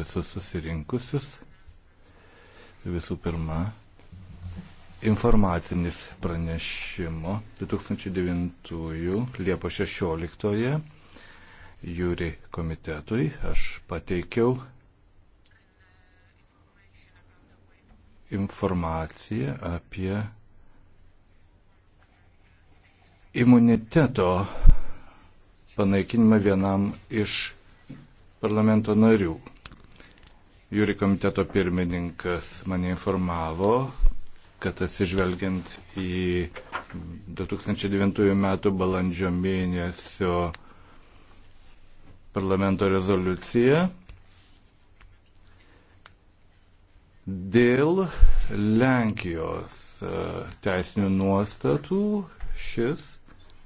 visus susirinkusius. Visų pirma, informacinis pranešimo 2009 Liepo 16 jūri komitetui aš pateikiau informaciją apie imuniteto panaikinimą vienam iš parlamento narių. Jūri komiteto pirmininkas mane informavo, kad atsižvelgiant į 2009 m. balandžio mėnesio parlamento rezoliuciją dėl Lenkijos e, teisinių nuostatų šis